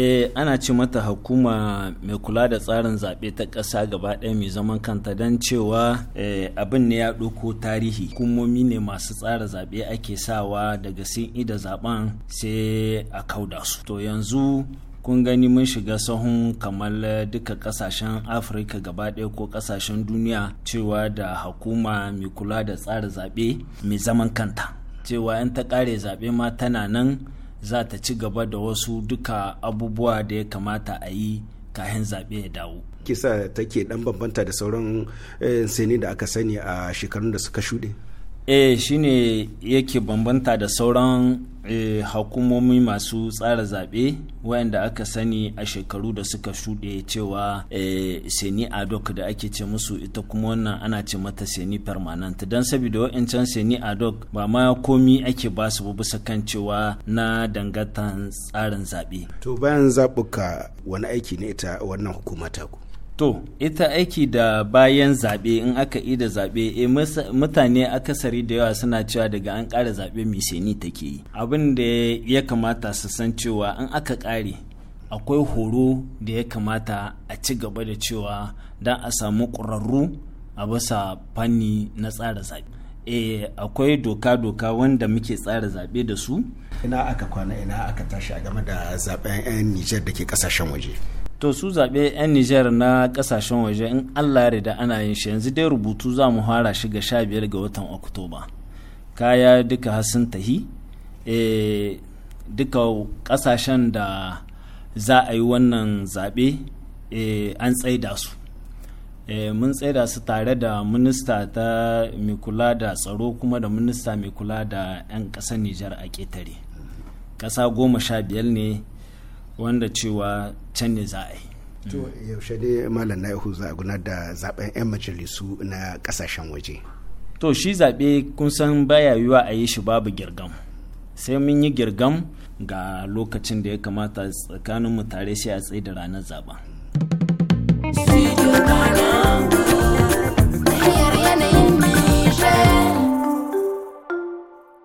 eh ana ce mata hukuma mai kula da tsarin zaɓe ta ƙasa gaba ɗaya mai zaman kanta don cewa eh, abin ne ya ɗauko tarihi hukumomi ne masu tsara zaɓe ake sawa daga sun ida zaɓen sai a kauda su to yanzu kun gani mun shiga sahun kamar duka kasashen afirka gaba ɗaya ko kasashen duniya cewa da hukuma mai kula da tsara zaɓe mai zaman kanta cewa yan ta ƙare zaɓe ma tana nan za ta ci gaba da wasu duka abubuwa da ya kamata a yi kayan zaɓe ya dawo. Kisa take ɗan bambanta da sauran eh, sani da aka sani a shekarun da suka shuɗe? Eh shine yake bambanta da sauran Eh, hukumomi masu tsara zaɓe wayanda aka sani a shekaru da suka shuɗe cewa eh, seni adok da ake ce musu ita kuma wannan ana ce mata seni permanent don saboda wa'ancan seni adok ba ma komi ake ba su bisa kan cewa na dangantan tsarin zaɓe. to bayan zaɓuka wani aiki ne ita wannan hukuma ku. To, ita aiki da bayan zaɓe in aka yi da zaɓe, e, mutane akasari da yawa suna cewa daga an ƙara zaɓe miseni take yi. Abin da ya kamata su san cewa in aka ƙare, akwai horo da ya kamata a ci gaba da cewa don a samu ƙwararru a basa fanni na tsara zaɓe. E, akwai doka-doka wanda muke tsara zaɓe da su. Ina aka kwana ina aka tashi a game da zaɓen 'yan Nijar da ke ƙasashen waje. to su zaɓe 'yan nijar na ƙasashen waje in allah ya rida ana yin shi yanzu dai rubutu za mu fara shi ga sha biyar ga watan oktoba kaya duka hasin tahi eh, duka ƙasashen da za a yi wannan zaɓe eh, an tsaida su eh, mun tsaida su tare da minista ta mai kula da tsaro kuma da minista mai kula da 'yan ƙasar nijar a ƙetare ƙasa goma sha biyar ne wanda cewa can ne za a yi to yaushe dai malam naihu za a gudanar da zaben 'yan majalisu na kasashen waje to shi zaɓe kun san baya yiwa a yi shi babu girgam sai mun yi girgam ga lokacin da ya kamata tsakaninmu tare sai a tsaye da ranar zaɓen